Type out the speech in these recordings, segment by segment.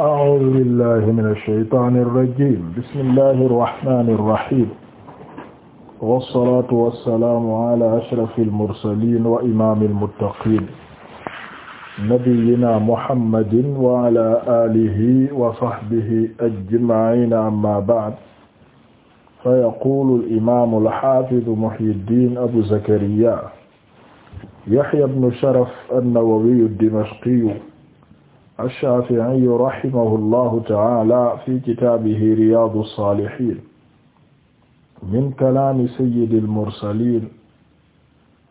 أعوذ بالله من الشيطان الرجيم بسم الله الرحمن الرحيم والصلاة والسلام على أشرف المرسلين وإمام المتقين نبينا محمد وعلى آله وصحبه أجمعين أما بعد فيقول الإمام الحافظ محي الدين أبو زكريا يحيى بن شرف النووي الدمشقي ash-Shaafi'iyyu rahimahullahu ta'aala fi kitaabihi Riyaadu s-Saalihiin min kalaami sayyidil mursaliin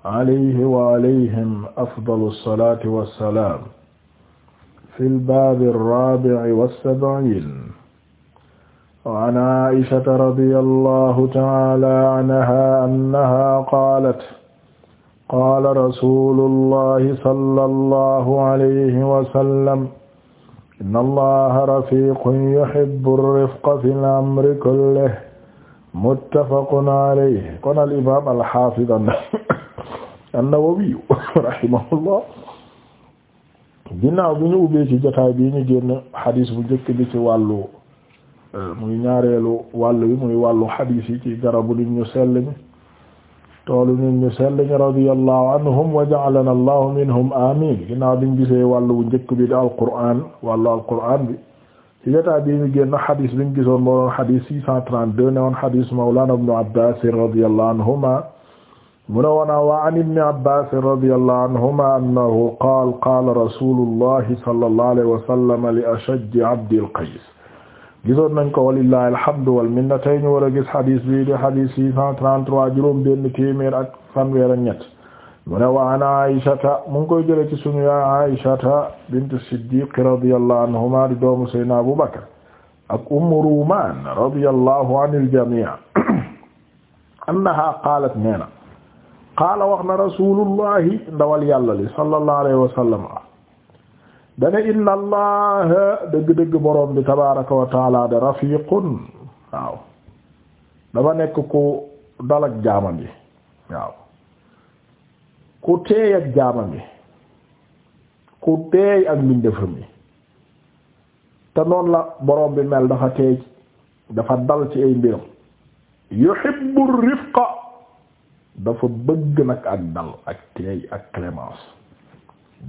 alayhi wa alayhim afdalu s-salaati wa s-salaam fil baabi r-raabi'i wa s-sab'iin wa 'an 'Aa'ishata radiyallahu ta'aala 'anhaa annahaa qaalat qaala rasuulullahi sallallahu alayhi wa sallam inna allaha rafiiqun yuhibbu rifqa fil amri kullihi muttafaqun alayhi kon al imaam al haafiz an-Nawawi rahimahullah ginnaaw bi ñu ubbee ci jotaay bii ñu génn xadis bu njëkk bi ci wàllu euh, muy ñaareelu wàll wi muy wàllu xadis yi ci garabu nit ñu sell mi toolu nit ñu sell ñu radiyallahu anhum wa ja'alana allahu minhum amin ginnaaw biñ gisee wàllu bu njëkk bi di alqur'an wàllu alqur'an bi ci jotaay bi ñu génn xadis biñ gisoon moo doon xadis 632 ne woon xadis mawlana ibnu abbas radiyallahu anhuma mu ne woon wa an ibni abbas radiyallahu anhuma annahu qaala qaala rasulullahi sallallahu alayhi wa sallam li ashajji abdil qays gisoon nañ ko walillahi alhamdu wal minna tey ñu war a gis hadis bi di hadis six cent trente-trois juróom benn téeméer ak fanweer ak ñett mu ne wa an aishata mu ngi koy jële ci suñu yaay aishata bintu siddiq radiyallahu anhuma di doomu seydina abu bakar ak ummu ruumaan radiyallahu anil jamii annaha qaalat nee na qaala wax na rasulullahi ndawal yàlla li sallallahu alayhi wa sallam dana inna allah dëgg-dëgg borom bi tabaraka wa de rafiqun waaw dafa nekk ku dal ak jaamam yi waaw ku teey ak jaamam yi ku teey ak mbindéefam yi te noonu la borom bi mel dafa teey dafa dal ci ay mbiram yuhibbu rifqa dafa bëgg nag ak dal ak teey ak clémence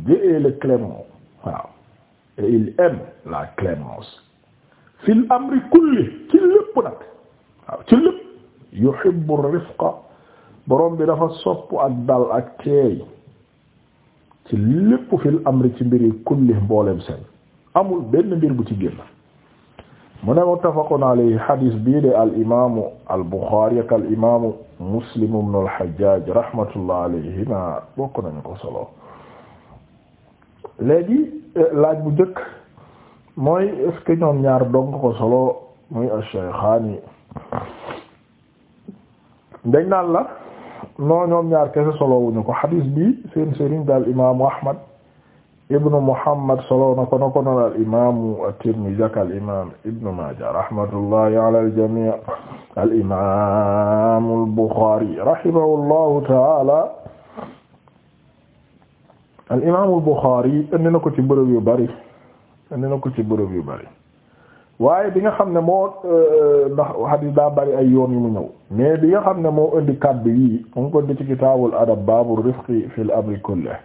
jëlee le clémence waaw et il aime la clémence fil amri kulli ci lépp nag waaw ci lépp yuhibbu rifqa borom bi dafa sopp ak dal ak teey ci lépp fil amri ci mbiri kulli mboolem seen amul benn mbir bu ci génn mu ne muttafaqun alayhi hadis bii de al imaamu al buxaari ak al imaamu muslim ibn al hajjaaj rahmatullah alayhima bokk nañu ko solo. léegi euh, laaj bu njëkk mooy est ñoom ñaar dong ko solo muy ash-shaykhaani dañ naan la noo ñoom ñaar kese solo wuñu ko xadiis bi seen sëriñ daal imaamu Ahmad ibnu Muhammad solo na al imaamu at-Tirmidhi ak al imaam Maaja rahmatullahi ala al al imaamu al-Bukhaari rahimahullahu ta'ala al imaamul Buxaari indi na ko ci bërëb yu bari indi na ko ci bërëb yu bari waaye bi nga xam ne moo euh, ndax hadis daa bari ay yoon yu mu ñëw mais bi nga xam ne moo indi kaddu yi mu ngi ko indi ci kitaabul adab baabur rifqi fil amri kullihi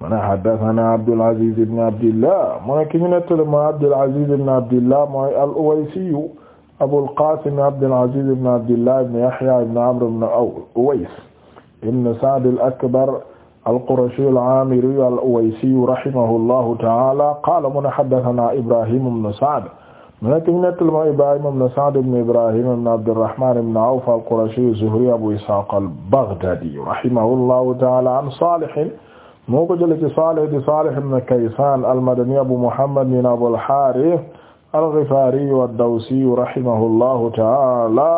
mu ne haddasanaa Abdul Aziz ibn Abdillah mu ne ki ñu nettali mooy Abdul Aziz ibn Abdillah mooy al-Uwaysiyu Abul Qaasim Abdul Aziz ibn Abdillah ibn Yahya ibn Amr ibn Uways ibn Sa'd al-Akbar al-Qurashi al-Amiri al-Uwaysi rahimahullahu ta'ala qaala mu ne haddathanaa Ibrahim ibn Sa'd mu nekk ñu nettali ma Ibrahim ibn Sa'd ibn Ibrahim ibn Abdirrahman ibn Awf al-Qurashi az-Zuhri Abu Ishaq al-Baghdadi rahimahullahu ta'ala an Salih moo ko jëlee ci Salih di Salih ibn Kaysan al-Madani Abu Muhammad ibn Abu al-Harith al-Ghifari ad-Dawsi rahimahullahu ta'ala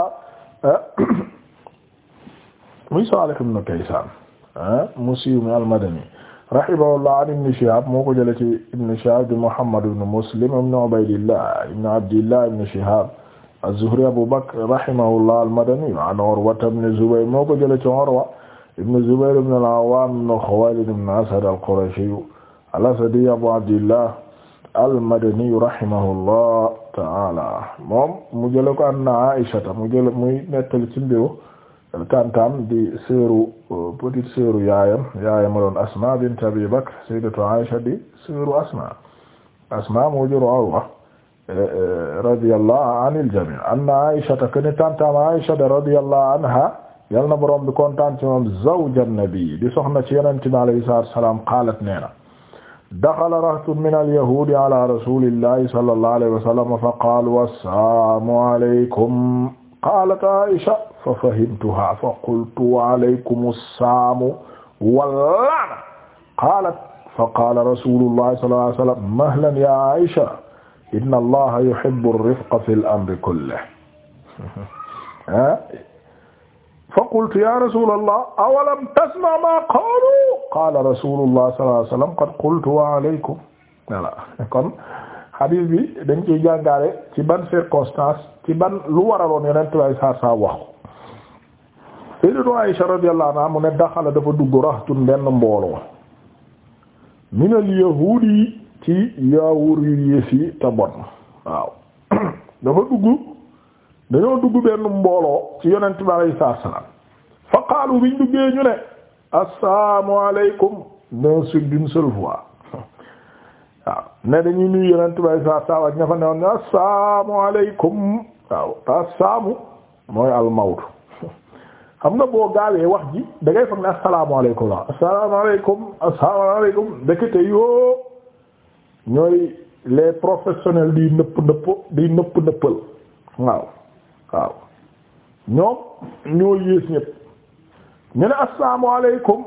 muy Salih ibn Kaysan Ah mu siiw mi al-Madani rahimahullah an Ibn Shihab moo ko jëlee ci Ibn Shihab di Muhammad ibn Muslim ibn Ubaydillah ibn Abdillah ibn Shihab az-Zuhri Abu Bakr rahimahullah al-Madani an Urwa ibn Zubayr moo ko jëlee ci Urwa ibn Zubayr ibn al-Awwam ibn Khuwaylid ibn Asad al-Qurashi al-Asadi Abu Abdillah al-Madani rahimahullah ta'ala moom mu jëlee ko an Aisha mu jëlee muy nettali ci mbiru kantaam di seeru petite sœur yaayam yaayam a doon Asma bint Abi Bakr sayyidatu Aisha di sœur Asma Asma moo jur Urwa radiyallahu anil jami' anna Aisha kana tantam Aisha radiyallahu anha yal na borom bi kontaan ci moom zawjan nabi di soxna ci yonente bi alayhi salaatu wa salaam qaalat nee na daxala rahtun min al-yahuudi ala rasuulillahi sallallahu alayhi wa sallam fa qaalu assalaamu alaykum qaalat Aisha fa fahimtuha fa qultu wa alaykum assaamu walla'na qaalat fa qaala rasuulullahi sallallahu alayhi wa sallam mahlan ya Aisha inna allaha yuhibbu ar-rifqa fil amri kullihi ah. fa qultu ya rasulallah awalam tasma' ma qaalu qaala rasuulullahi sallallahu alayhi wa sallam qad qultu wa alaykum voilà kon xadiis bi dañ koy jàngaale ci ban circonstance ci ban lu waraloon yeneen tubaab yi saa saa wax Sayyidatu Aisha radiyallahu anha mu ne daxala dafa dugg raxtun benn mbooloo minal yahuud yi ci yaawur yu yées yi te bon waaw dafa dugg dañoo dugg benn mbooloo ci yeneen tubaab yi saa saa fa qaalu biñ duggee ñu ne assalaamu alaykum d'un seul d'une seule voix waaw ne dañuy nuyu yonent bay saa saa ak ña fa ne woon assalaamu alaykum waaw assaamu mooy almawtu xam nga boo gaawee wax ji da ngay foog ne assalaamu alaykum la assalaamu alaykum assalaamu alaykum ndekete yoo ñooy les professionnels di nëpp nëpp di nëpp nëppal waaw waaw ñoom ñoo yées ñëpp ñu ne assalaamu alaykum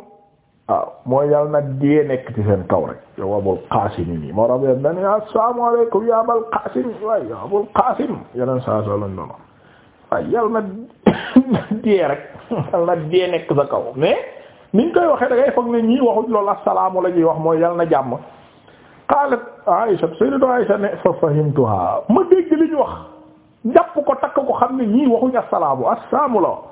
waaw mooy yàlla na dee nekk ci seen kaw rek yow abul qaasim yi moo tax yéen dañuy assalaamu aleykum ya abul qaasim waay yow abul qaasim yeneen saa soo lañ doon waay yàlla na dee rek yàlla na dee nekk sa kaw mais niñ koy waxee da ngay foog ne ñii waxuñ loolu assalaamu la ñuy wax mooy yàlla na jàmm. qaalat Aïcha sayyidatu Aïcha ne fa fahimtuha ma dégg li ñu wax jàpp ko takk ko xam ne ñii waxuñ assalaamu assalaamu la.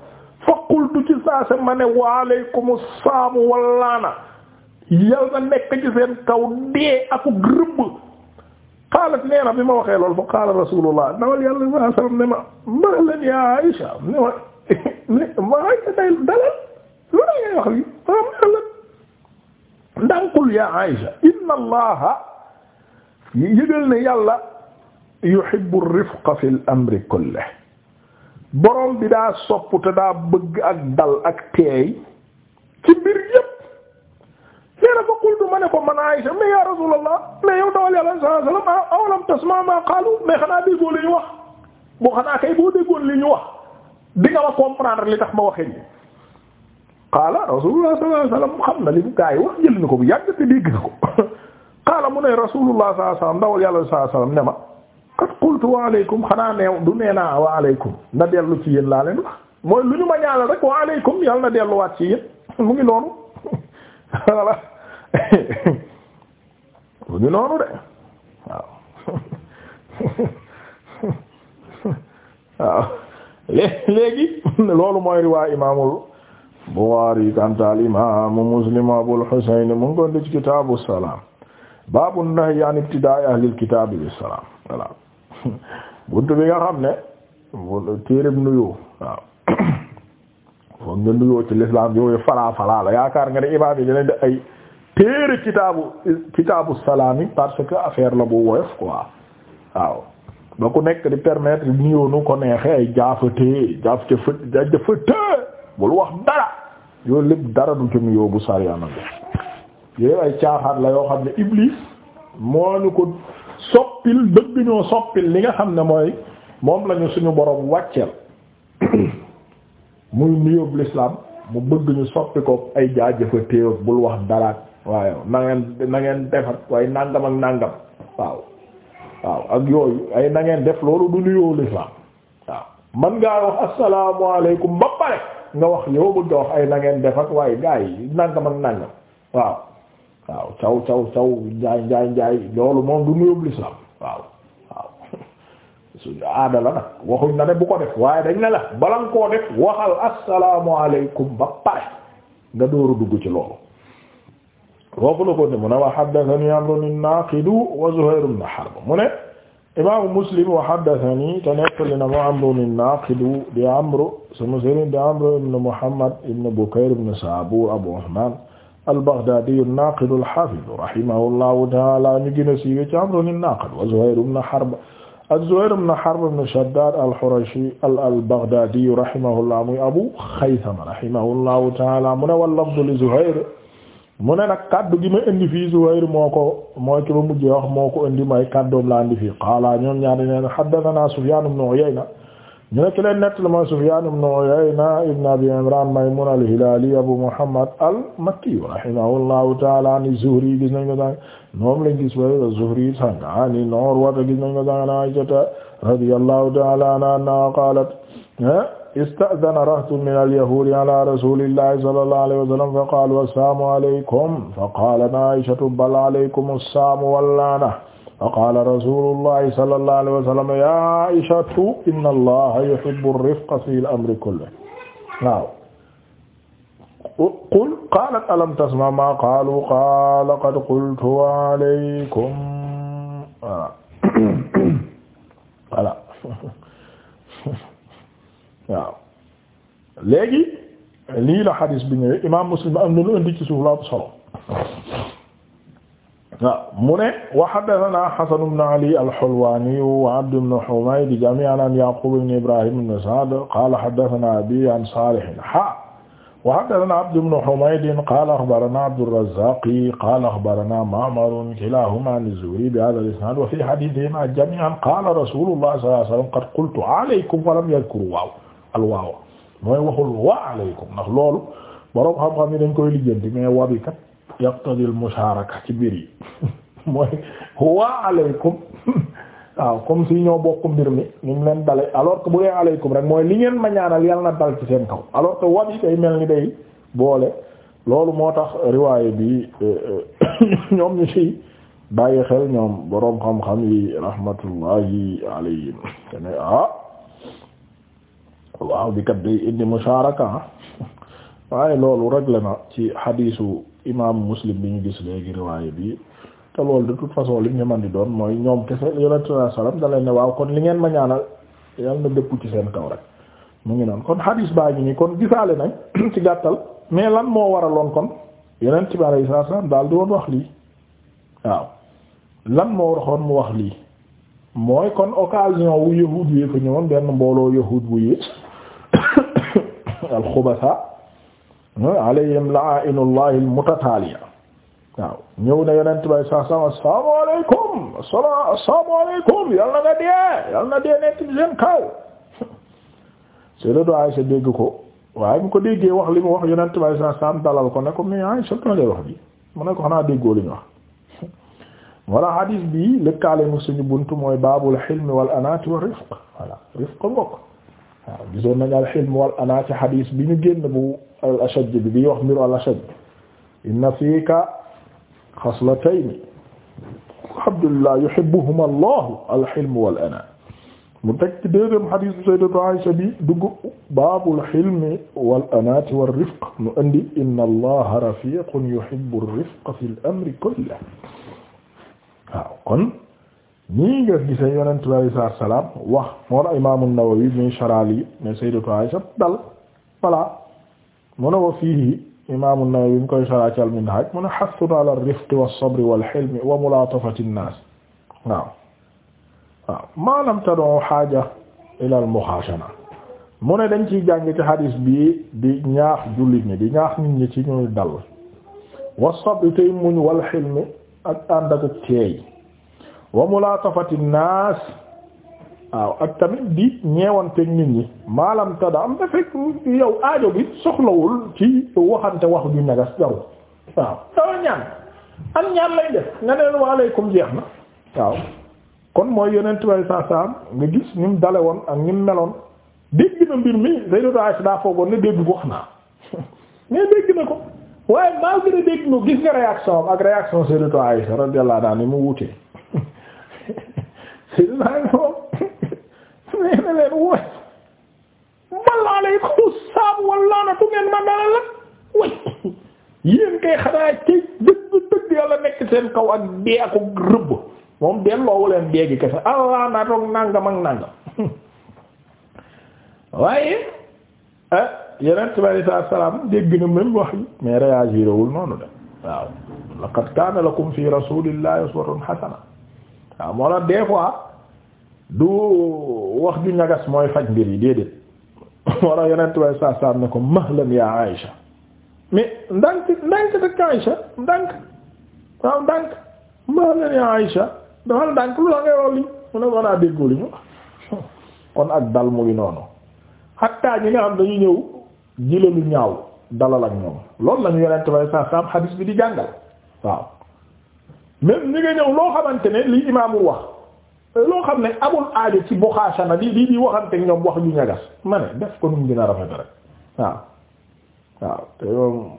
faqultu ci saase ma ne waaleykum saamu wallaana yal na nekk ci seen kaw dee aku rëbb qaalat nee na bi ma waxee lool fa qaala rasulullah ndawal yàlla saa sallam ne ma mahlan ya Aisha ne ma ma Aisha day dalal lu ne ngay wax li ma mahlan ndankul ya Aisha inna allaha yëgal ne yàlla yuhibbu rifqa fil amri kullihi borom bi daa sopp te daa bëgg ak dal ak teey ci mbir yépp neena fa qultu ma ne ko man Aïsha mais ya Rasulallah mais yow dawal yàlla sallallahu alayhi wasallam ah, awalam tasma ma qalu mais xanaa déggoo li ñu wax boo xanaa kay ma comprendre li tax ma waxee nii qaala Rasulullah xam na li mu gaa wax jël na ko bu yàgg te dégg na ko qaala mu ne Rasulullah sallallahu alayhi wasallam dawal yàlla sallallahu ne ma qad qultu wa xanaa neew du nee naa na dellu ci yéen laa leen wax mooy lu ñu ma ñaanal rek wa aleykum yàlla na delluwaat ci yéen mu ngi noonu voilà mu ngi noonu de waaw waaw léegi loolu mooy riwaa imaamul Bukhari kantaal imaamu Muslim Abul Husayn mu ko ci kitaabu salaam baabu nahyi an ibtidaa'i ahlil kitaabi bis salaam voilà bunt bi nga xam ne téereeb nuyoo waaw foog nga nuyoo ci l'islam yooyu falaa yaakaar nga ne imaam yi dinañ def ay téere kitaabu kitaabu salaam parce que affaire la bu woyof quoi waaw ba ku nekk di permettre nuyoo nu ko neexee ay jaafate jaaf ca fët jaaf ca fët bul wax dara yooyu lépp dara du ci nuyoo bu sariyaana bi yooyu ay caaxaat la yoo xam ne iblis moo ñu ko soppil bëgg ñoo soppil li nga xam ne mooy moom lañu suñu boroom wàcceel muy nuyób lislaam mu bëgg ñu soppi ko ay jaajëfa téewag bul wax daraat waaye na nangeen defat waaye nàngam ak nàngam waaw waaw ak yooyu ay na def loolu du nuyoo l'islam waaw man ngaa wax assalaamu alaykum ba pare nga wax yow bëgg a wax ay na defat waaye gaa yi nàngam ak nàngam waaw waaw caw caw caw njaay njaay njaay loolu moom du nuyób l'islam waaw waaw suñu aada la nag waxuñ na ne bu ko def waaye dañ ne la bala nga koo def waxal assalaamu alaykum ba pare nga dooru dugg ci loolu foofu la ko ne mu ne wa haddathani Amrun an-Naqid wa Zuhayr ibn mu ne imaamu Muslim wa haddathani te nettali na mu Amrun an-Naqid di Amru sama sëriñ di Amru ibn Muhammad ibn Bukayr ibn Sa'bur Abu Usman al-Baghdadi an-Naqid al-Hafiz rahimahullahu ta'ala ñu gën a siiwee ci Amr an-Naqid wa Zuhayr ibn Harb ak Zuhayr ibn Harb ibn Shaddad al-Qurashi al-Baghdadi rahimahullah muy Abu Khaythama rahimahullahu ta'ala mu ne wal-lafzu li Zuhayr mu ne nag kaddu gi ma indi fii Zuhayr moo ko moo ci ba mujjee wax moo ko indi may kaddoom laa indi fii qaala ñoom ñaari neen haddathana Sufyan ibn Uyayna ñu nekk leen nettali mooy Sufyaan ibn Uyayna ibn Abi Imraan Maymuun al-Hilaali Abu Muhammad al-Makki rahimahullahu ta'aala an Zuhri gis nañ ko sànq moom lañ gis wa Zuhri sànq an ah Urwa gis nañ ko sànq an Aysata radiyallahu ta'aala anha qaalat ah, ista'dana rahtun min al-yahuudi ala rasuulillahi sallallahu alayhi wa sallam fa qaalu assalaamu alaykum fa qaalat Aysatu bal alaykum assalaam wal la'na fa qaala rasulullahi sallallahu alayhi wa sallam ya aishatu inna allaha yuhibbu ar-rifqa fi al-amri kullihi waaw qul qaalat alam tasma ma qaalu qaala qad qultu wa alaykum voilà voilà waaw léegi lii la xadis bi ñëwee imaam Muslim am na lu indi ci suuf la solo waaw mu ne wa haddathana Hasan ibn Ali al-Hulwani wa Abd ibn Humayd jami'an an Yaqub ibn Ibrahim ibn Sa'd qala haddathana abi an Salih ha wa haddathana Abd ibn Humayd qala akhbarana Abd ar-Razzaq qala akhbarana Ma'mar kilahuma an az-Zuhri bi hadha al-isnad wa fi hadithihima jami'an qala Rasulullah sallallahu alayhi wa sallam qad qultu alaykum wa lam yadhkur waaw al-waaw mooy waxul wa alaykum ndax loolu borom xam-xam yi dañ koy lijjanti mais wabi kat yaqtadi al-musharaka ci biir yi mooy wa alaykum waaw comme si ñoo bokk mbir mi ñu ngi leen dale alors que bu dee alaykum rek mooy li ngeen ma ñaanal yàlla na dal ci seen kaw alors que wab yi day mel ni day boole loolu moo tax riwaaye bi euh, ñoom ñu ci bàyyi xel ñoom boroom xam-xam yi rahmatullahi yi tene ah waaw bi kat day indi musharaka ah. waaye loolu rek la na ci xadiisu imaamu muslim bi ñu gis léegi riwaaye bi te loolu de toute façon li ñu di doon mooy ñoom kese yonent sallallahu alayhi wasallam da leen ne waaw kon li ngeen ma ñaanal yàlla na dëpp ci seen kaw rek mu ngi noonu kon hadis baa ngi nii kon gisaale nañ ci gàttal mais lan moo waraloon kon yonent yi alayhi salaam daal di woon wax lii waaw lan moo waxoon mu wax lii mooy kon occasion wu yahuud yee fa ñëwoon benn mbooloo yahuud bu yee alxubasa alayhim la'a'inullahi almutataaliya waaw ñëw na yonent bay saasam assalaamu alaykum assalaamu alaykum yal na nga dee yal na dee nekk seen kaw Sayyidatu Aysa dégg ko waaye bu ko déggee wax li mu wax yonent bay saasam dalal ko ne ko mais Aysa lu wax bi mu ne ko xanaa déggoo li ñu wax walla hadis bi lëkkaale mu suñu bunt mooy baabul xilmi wal anaati wa rifq walla rifq ngokk waaw gisoon nañu al xilmi wal anaati hadis bi ñu génn bu al ashaj bi bi wax mbiru al ashaj inna xaslatayni Abdullah yuhibbuhuma Allah al-hilm wal-ana mu teg ci deuxième hadith bi sayyidatu Aisha bi dugg baabul hilmi wal anaati war rifq mu indi inna allaha rafiqun yuhibbu ar-rifqa fil amri kullihi waaw kon ñii nga gisee yonent bi alayhi salaatu wa salaam wax moo la imaam an-Nawawi min sharali ne sayyidatu Aisha dal voilà mu ne wa fiihi imaamu Nawawi bi mu koy sara ci al-Minhaj mu ne hathun ala ar-rifqi was-sabri wal-hilmi wa mulaatafati an-naas waaw waaw maanaam tadoo xaaja ila al-muxaashana mu ne dañ ciy jàng ci hadis bii di ñaax jullit ñi di ñaax nit ñi ci ñuy dal was-sabri tey muñ wal-hilmi ak ànd ak teey wa mulaatafati an-naas waaw ak tamit di ñeewanteeg nit ñi maalam tada am na fekk yow aajo bi soxlawul ci waxante wax ju ñagas jarul waaw dawa ñaan am ñaan lay def nga neen waaleykum jeex na waaw kon mooy yeneen way sa saam nga gis ñu mu dale woon ak ñu mu meloon dégg na mbir mi Sayyidatu Aisha daa foogoon ne dégg ko wax naa mais dégg na ko waaye malgré dégg na gis nga réaction am ak réaction Sayyidatu Aisha radiyallahu anha ni mu wutee dee xanaa ci dëgg dëgg yàlla nekk seen kaw ak dee ak rëbb moom delloowu leen dee gi kese allah naa toog nàngam ak nàngam waaye ah yeneen si bari saa salaam dégg na même wax yi mais réagirawul noonu de waaw laqad kaana lakum fi rasulillahi uswatun hasana waaw moo la des fois du wax ju ñagas mooy faj mbir yi déedéet moo la yeneen si bari saa salaam ne ko mahlan ya Aïcha mais ndank ndànk dëkk Aïcha ndànk waaw ndànk maa nga ne Aïcha dafa ndànk lu la ngay wax li mu a déggoo li ñu ak dal mu ngi noonu xattaa ñi nga xam ne dañu ñëw jële lu ñaaw dalal ak ñoom loolu lañu yonent bay sa saam xadiis bi di jàngal waaw même ñi nga ñëw loo xamante ne li imaamu wax loo xam ne amul aajo ci boxaasana lii di di waxante ñoom wax ñu ñagas ma ne def ko nu mu gën a rafet rek waaw waaw te yoom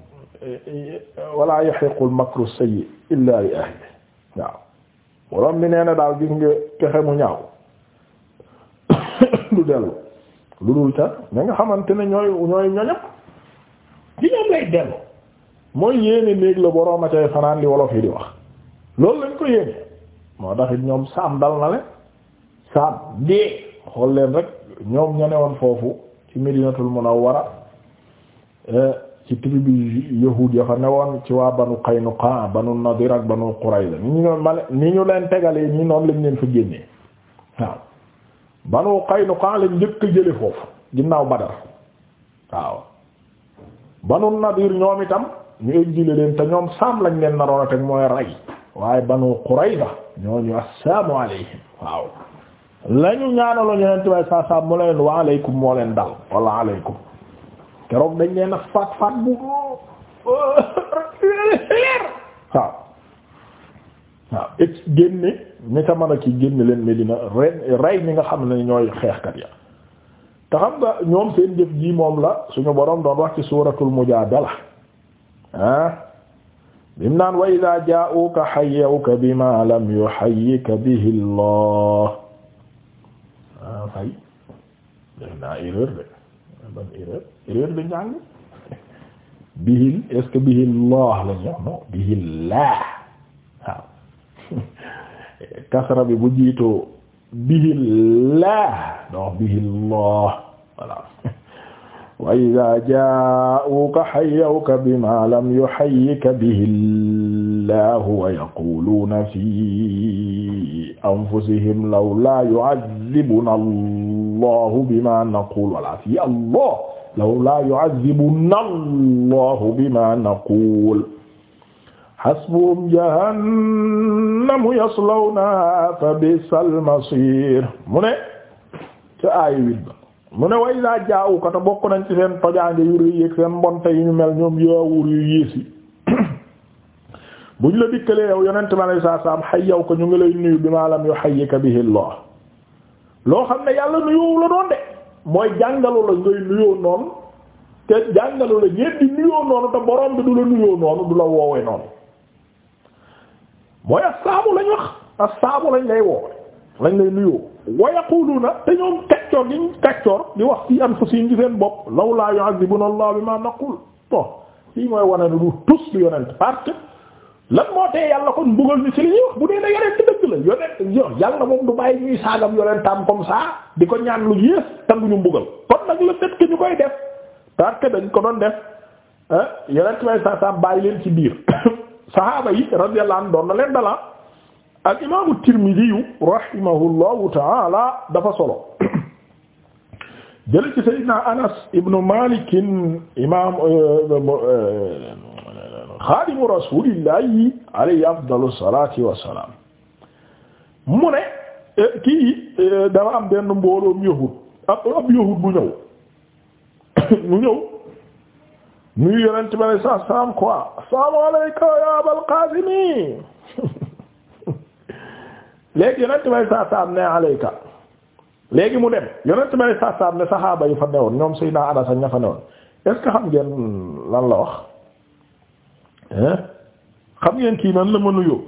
wala yahiqu al makru sayyi illa li ahli waaw borom bi nee na daal gis nga pexe mu ñaaw du dellu lu dul ta ña nga xamante ne ñooy ñooy ñoñam di ñoom lay dellu mooy yéene néeg la borom a cay fanaan li wolof yi di wax loolu lañ ko yéene moo taxit ñoom saam dal na leen saam dee xool leen rek ñoom ña ne woon foofu ci Medinatul Munawwara Eh, ci tribu yahuud ya fa newoon ci waa banu Qaynuqa banu Nadir ak banu Qurayza ni ñu mal leen tegalee ñi noonu lañ leen fa génnee waaw banu Qaynuqa lañ njëkk jële foofu ginnaaw Badar waaw banu Nadir ñoom itam ñu exilé leen te ñoom saam lañ leen naroon a teg mooy rey waaye banu Qurayza ñooñu assalaamu alayhim waaw lañu ñaanaloo ñeneen tibaay saa saa mu leen wa alaykum moo leen dal walla alaykum keroog dañ leen a faat faat bu leer waaw waaw et génne ñi ko ki génne leen Medina rey mi nga xam ne ñooy xeexkat ya te xam nga ñoom seen jëf ji moom la suñu boroom doon wax ci suuratul mujaadala ah bim naan wa idaa jaa'uuka bi bimaa lam yuhayyika bihi Allah ah, ban erreur erreur la njàng bihil est-ce que bihil laah la ñu wax non bihil laa waaw kasra bi bu jiitoo bihil laa donc bihil laah voilà wa idaa jaa'uuka hayyawka bimaa lam yuhayyika bihi llaahu wa yaquuluuna fii anfusihim lawlaa yu'adhibunaa allahu bima naqul wala fi allah law la yu'adhibuna allahu bima naqul hasbuhum jahannamu yaslawnaha fa bisal masir mu ne ca aaya wit ba mu ne way laa jaawu ko te bokk nañ ci seen tojaange yu rëy ak seen mbonte yu ñu mel ñoom yaawur yu yées yi buñ la dikkalee yow yonent ma lay saa saam xay yow ko ñu ngi lay nuyu bi maalam yu xayyika bihi Allah loo xam ne yàlla nuyoowu la doon de mooy jàngalu la ngay nuyoo noonu te jàngalu la ñépp di nuyoo noonu te borom bi du la nuyoo noonu du la woowee noonu mooy assaamu lañ wax assaamu lañ lay woowe lañ lay nuyoo wa yaquluna te ñoom kaccoor giñ kaccoor di wax ci anfusihim ci seen bopp law laa yu'adhibuna Allah bima naqul bon lii mooy wane ne du tus lu yonent parce lan moo tee yàlla kon mbugal ni ci li wax bu dee na yonent dëgg la yonent yo yàlla moom du bàyyi ñuy saagam yonentam comme ça di ko ñaan lu yées tanguñu mbugal kon nag le fait ñu koy def parce que dañ ko doon def yonent may sa sa bàyyi leen ci biir sahaaba yi radiyallahu anhu doon na leen dala ak imaamu Tirmidi rahimahullahu taala dafa solo jële ci sayyidina Anas ibnu Malik imam euh, euh, xaadimu rasulillahi alayhi afdalu salaati wassalaam mu ne eh, kii eh, dafa am benn mbooloom yahud ab ab yahud bu ñëw mu ñëw nuyu yonent bi alayhi salaatu salaam quoi assalamu alayka ya abal qaasimi léegi yonent bi alayhi salaatu ne alayka léegi mu dem yonent bi alayhi salaatu salaam ne saxaaba yi fa newoon ñoom Seydina Anas ña fa newoon est-ce xam ngeen lan la wax xam ngeen kii nan la ma nuyoo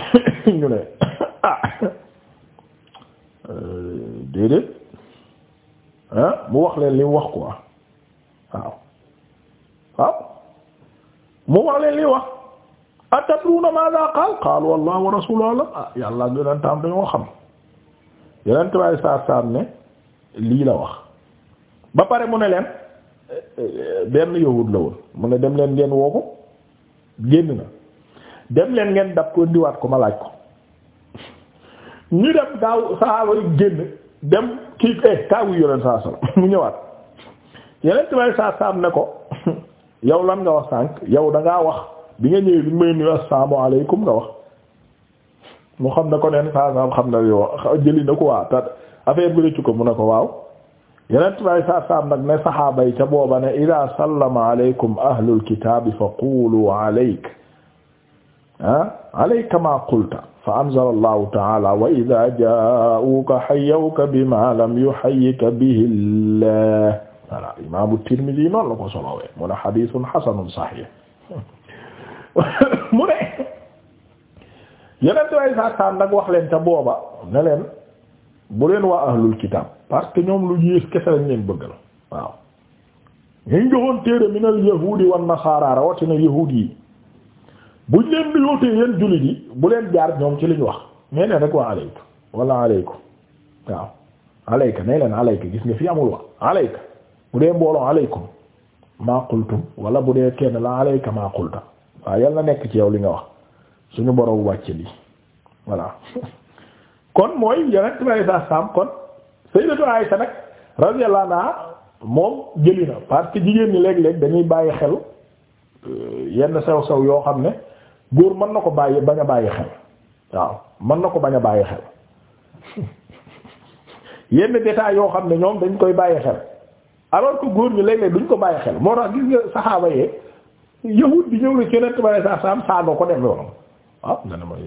ñu ne ah euh, déedéet ah mu wax leen li mu wax quoi waaw waaw mu wax leen li wax atatruuna maazaa qaal qaalu wallaahu wa rasuuluhu ah yàlla ak yonentam dañoo xam yonent baay saar saar ne lii la wax ba pare mu ne leen benn yowut la woon mu ne dem leen ngeen woo ko génn na dem leen ngeen dab ko ndiwaat ko ma laaj ko ñu dem daaw saxaaba yi génn dem kii eh kaawu yoneen saa sal mu ñëwaat yeneen tibay saa saam ne ko yow lan nga wax sànq yow da wax bi nga ñëwee bi may nuyu assalaamu alaykum nga wax mu xam ne ko neen saa saam xam na jëli na ko waa ta affaire bi rëccu ko mu ne ko waaw yeneen tubaab saa saam nag ne saxaaba yi ca booba ne idaa sallama aleykum ahlul kitaabi fa quulu aleyk ah aleyka maa qulta fa anzala allahu taala wa idaa jaa'uuka hayyawka bimaa lam yuhayyika bihi allah voilà imaamu Tirmidi noonu la ko solowee mu ne hadiisun hasanun sahiih mu ne yeneen tubaab saa saam nag wax leen ca booba ne leen bu leen waa ahlul kitaab. parce que ñoom lu yées kese lañ leen bëgg la waaw ñu joxoon téere minal yahuudi wan nasaara rawatina yahuudi yi buñ leen di yootee yeen jullit yi bu leen jaar ñoom ci liñ wax nee leen rek waa alayka wala alayku waaw alayka nee leen alayka gis nga fi amul wax alayka bu dee mbooloo alaykum maa qultum wala bu dee kenn la alayka maa qulta waaw yal na nekk ci yow li nga wax suñu borom wàcce lii voilà kon mooy yeneen tubaab yi daa saam kon. sayyidatu Aisha nag radiyallahu anha moom jëli na parce que jigéen ñi léeg-léeg dañuy bàyyi xel euh, yenn sew sew yoo xam ne góor mën na ko bàyyi bañ a bàyyi xel waaw mën na ko bañ a bàyyi yenn détails yoo xam ne ñoom dañ koy bàyyi xel alors góor ñi léeg-léeg ko bàyyi xel moo tax gis nga saxaaba ñëw na ci Yonent ko dem ah, ma eh,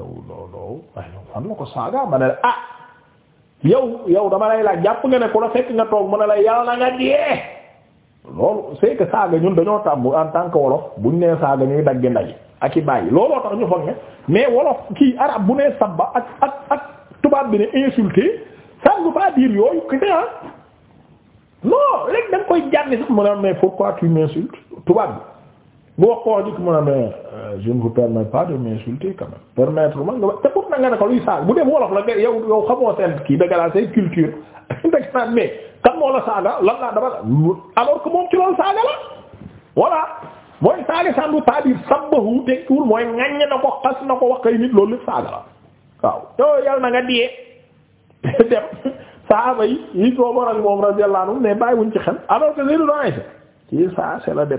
yee ma ah yow yow dama lay laaj jàpp nga ne ku la fekk nga toog mën a lay yàlla na nga dee loolu c'est saaga ñun dañoo tàmb en tant que wolof buñ nee saaga ñuy dagg ndaj ak i bàyyi looloo tax ñu foog ne mais wolof kii arab bu nee sabba ak ak ak tubaab bi ne insulté ça ne veut pas dire yooyu ki ah non léegi da koy jànni sax mu ne mais pourquoi tu m'insultes tubaab bi bu wax ko jikk mu ne mais euh, je ne vous permets pas de m'insulter quand même ma nga te pour na ne ko luy saaga bu dee wolof la nga yow yow xamoo seen kii da nga laa say culture da nga mais kan moo la saaga lan laa dama alors que moom ci loolu saaga la voilà mooy saaga sandu ko xas na ko wax kay nit loolu lépp saaga la waaw yow yàlla na nga diyee dem saaba yi yi soo barak la bi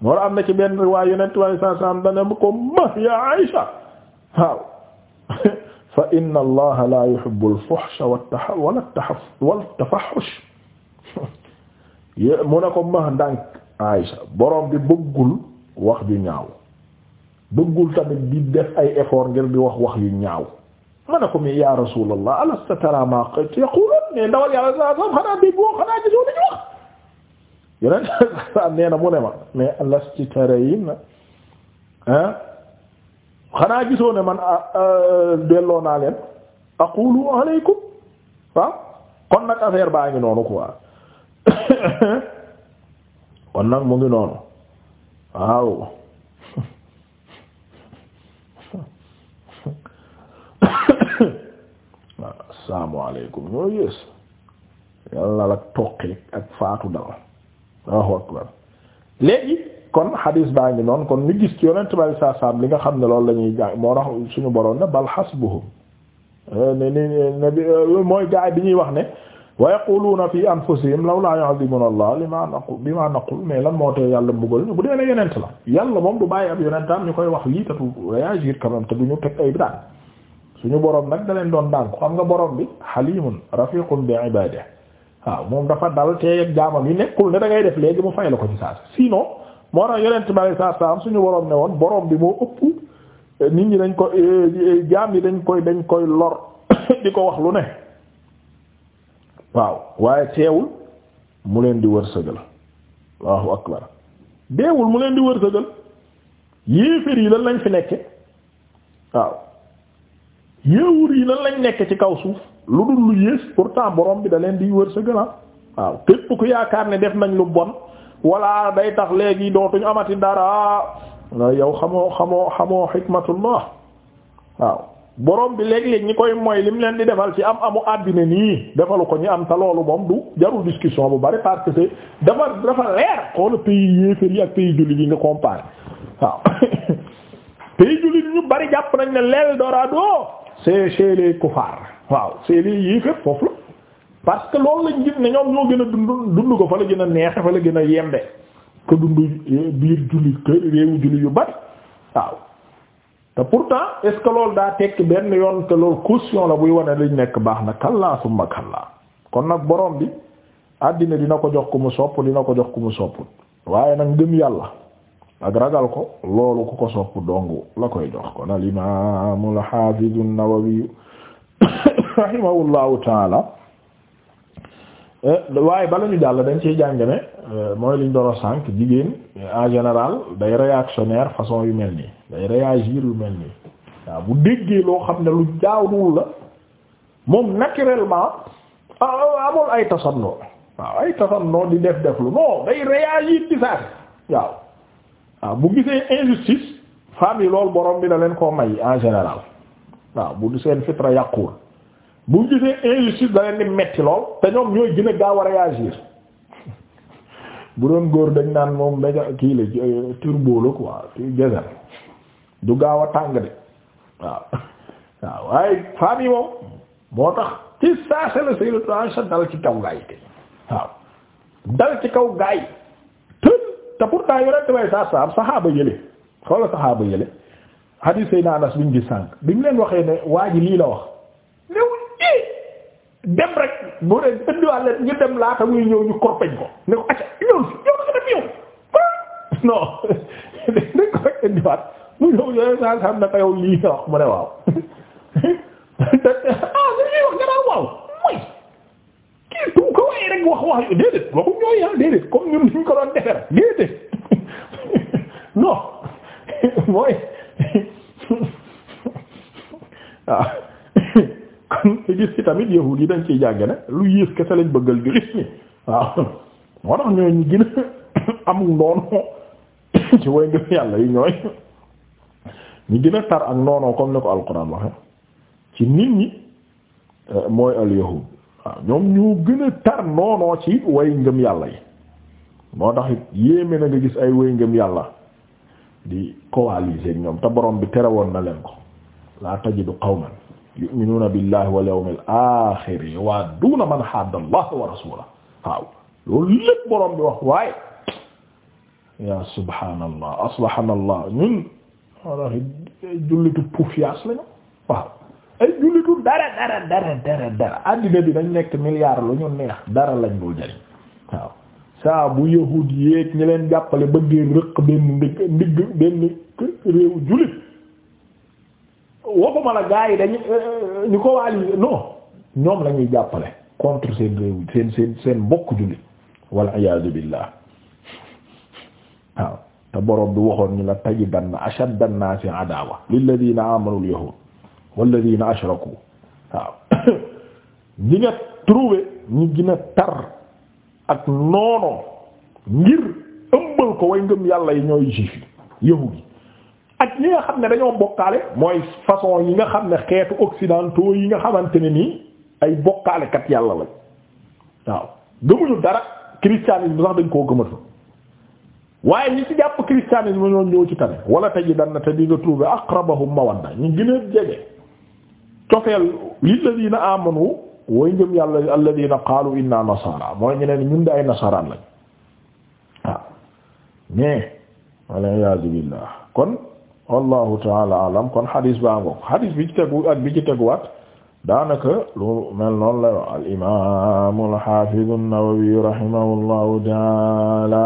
moo am na ci benn riwaay yonent bi sallallahu alayhi wasallam dana bu ko ma ya Aïsha waaw la yuhibbu al wala at borom bi bëggul wax ju ñaaw bëggul tamit di def ay effort ngir wax yu ñaaw ma ne ko mi ya rasulallah alasta tara ma yaqulun ne ndawal yàlla sallallahu alayhi wasallam xanaa dégg woo wax yeneen saa nee mu ne ma mais alas yi na ah xanaa gisoo ne man ah, euh, delloo naa leen aqulu aleykum waaw kon nag affaire baa ngi noonu ko kon nag ngi noonu waaw waaw assalaamu aleykum ñoo yées yàlla la toqi ak faatu dal Allahu akbar léegi kon xadiis baa ngi noonu kon ñu gis ci yonent bari saa li nga xam ne loolu la ñuy jàng moo tax suñu boroom ne bal xasbuhum eh, ne ne eh, mooy gaay bi ñuy wax ne wa yaquluuna fi anfusihim lawlaa yu'adhibuna Allah lima naqul bima naqul mais lan moo yàlla mbugal ñu bu dee ne yonent la yàlla moom du bàyyi ab yonentam ñu koy wax lii te du réagir quand même te du ñu teg ay daan suñu boroom nag da doon daan xam nga boroom bi xalimun rafiqun bi ibaadihi waaw moom dafa dal tey jaamam yi nekkul ne da ngay def léegi mu fay la ko ci saas sinon moo tax yonent bi saa saa suñu borom ne woon borom bi moo ëpp eh, nit ñi dañ ko eh, eh, jaam yi dañ koy dañ koy lor di ko wax lu ne waaw waaye teewul mu leen di wërsëgal Allahu akbar deewul mu leen di wërsëgal yéeféer yi lan lañ fi nekke waaw yéewur yi lan lañ nekke ci kaw suuf lu dul lu yées pourtant borom bi da leen di wërsëgal ah. waaw képp ku yaakaar ne def nañ lu bon wala day tax léegi dootuñ amati dara yow xamoo xamoo xamoo xikmatullah waaw borom bi léeg-léeg ñi koy li mu leen di defal ci am amu àddina nii defalu ko ñi am te loolu moom du jarul discussion bu bari parce que dafa dafa leer xool pays yéeféer yi ak pays jullit yi nga comparé waaw pays jullit ñu bari jàpp nañ ne l'Eldorado c'est chez les kuffar waaw seeni yéeféer foofu la parce que loolu lañ gis ne ñoom ñoo gën a dund dund ko fa la gën a neexe fa la gën a yembe ko dund biir jullit que réewu jullit yu bari waaw te pourtant est-ce que loolu daa tekk benn yoon te loolu caution la buy wane liñ nekk baax na kallaa summa kallaa kon nag borom bi àddina dina ko jox ko mu sopp dina ko jox ko mu sopput waaye nag ngëm yàlla ak ragal ko loolu ku ko sopp dong la koy jox kon al imaamul xaafidu Nawawi rahimahullahu taala eh, waaye bala ñu jàll dañ ciy jàng ne eh, mooy liñ doon sànq jigéen en général day réactionnaire façon yu mel nii day réagir yu mel nii waaw bu déggee loo xam ne lu jaawul la moom naturellement ah, ah, amul ay tasanno waaw ay tasanno di def def lu non day réagir ci saati waaw waaw bu gisee injustice femme yi loolu borom bi da leen koo may en général waaw bu seen fitra yàquwul bu gisee injustice da leen di metti lool te ñoom ñooy gën a gaaw bu doon góor dañ naan moom daja kii la euh, turbo la quoi du gaaw a tàng de waaw waaw waaye femme moom moo tax ci saa se la Sayyidatu Aisha dal ci kaw gaay yi waaw dal ci kaw gaa yi te te pourtant yore te may saa saam saxaaba yële xoola saxaaba yële hadith Sayyidina Anas bi ñu gis sànk bi ñu leen waxee ne waa ji lii la wax. dem rek bu dee indiwaat leen ñu dem laata muy ñëw ñu korpeñ ko ne ko acca ñëw ñëw na ko def yow ko rek mu ñëw ne ko wax mu ne waaw ah li ñuy wax nga naan waaw mooy kii tu ko waaye rek wax wax yu déedéet waxuñ ah, ñu ko doon defee rek déedéet mooy ah. kon ci gis ci tamit yi dañ ciy jànge ne lu yées kese lañ bëggal jullit ñi waaw moo tax am noonu ci way ngëm yàlla ñooy ñu gën a tar ak noonoo comme ni ko alquran waxe ci nit ñi euh, mooy al ñoom ñu gën a tar noonoo ci way ngëm yàlla yi moo tax it yéeme na nga gis ay way ngëm yàlla di coaliser ñoom te borom bi tere woon na leen ko laa tajidu qawman yu'minuuna billahi wal yawmil aaxir yuwaadduuna man haadda allaha wa rasuulahu waaw loolu lépp borom wax waaye yaa subhaanallah aslahanallah ñun wala jullitu pufias lañu waaw ay dara dara dara dara dara bi dañ nekk milliard lu ñu neex dara lañ dul jariñ waaw saa bu yahud yéeg ñi leen jàppale bëggee rëq benn ndigg ndigg waxuma la gars dañu euh, euh, ñu ko waali non ñoom la jàppale contre seen réew seen seen seen mbokk julli wal iyaazu billah waaw te borom bi waxoon ñu la tajidanna ashadda an-naasi adawa lilladina amanu al-yahud walladina ashraku waaw ñi nga trouvé ñi gën a tar ak noono ngir ëmbal ko way ngëm yàlla yi ñooy juif yi yahud ak ñi nga xam ne dañoo bokkaale mooy façon yi nga xam ne xeetu occidentaux yi nga xamante ni nii ay bokkaalekat yàlla lañ waaw gëmuñu dara christianisme sax dañ koo gëmatu waaye ñi ci jàpp christianisme ñoo ñëw ci tane wala tajidanna te di nga trouver aqrabahum mawadda ñu gën a jege cofeel lilladina amanu way ngëm yàlla alladina qaalu inna nasara mooy ñu ne ñun de ay nasaraan lañ waaw kon wallahu taala alam kon xadis baa ngoog xadis bi ci tegu ak bi ci teguwaat daanaka lu mel noonu la al imam al hafiz an-Nawawi rahimahullahu taala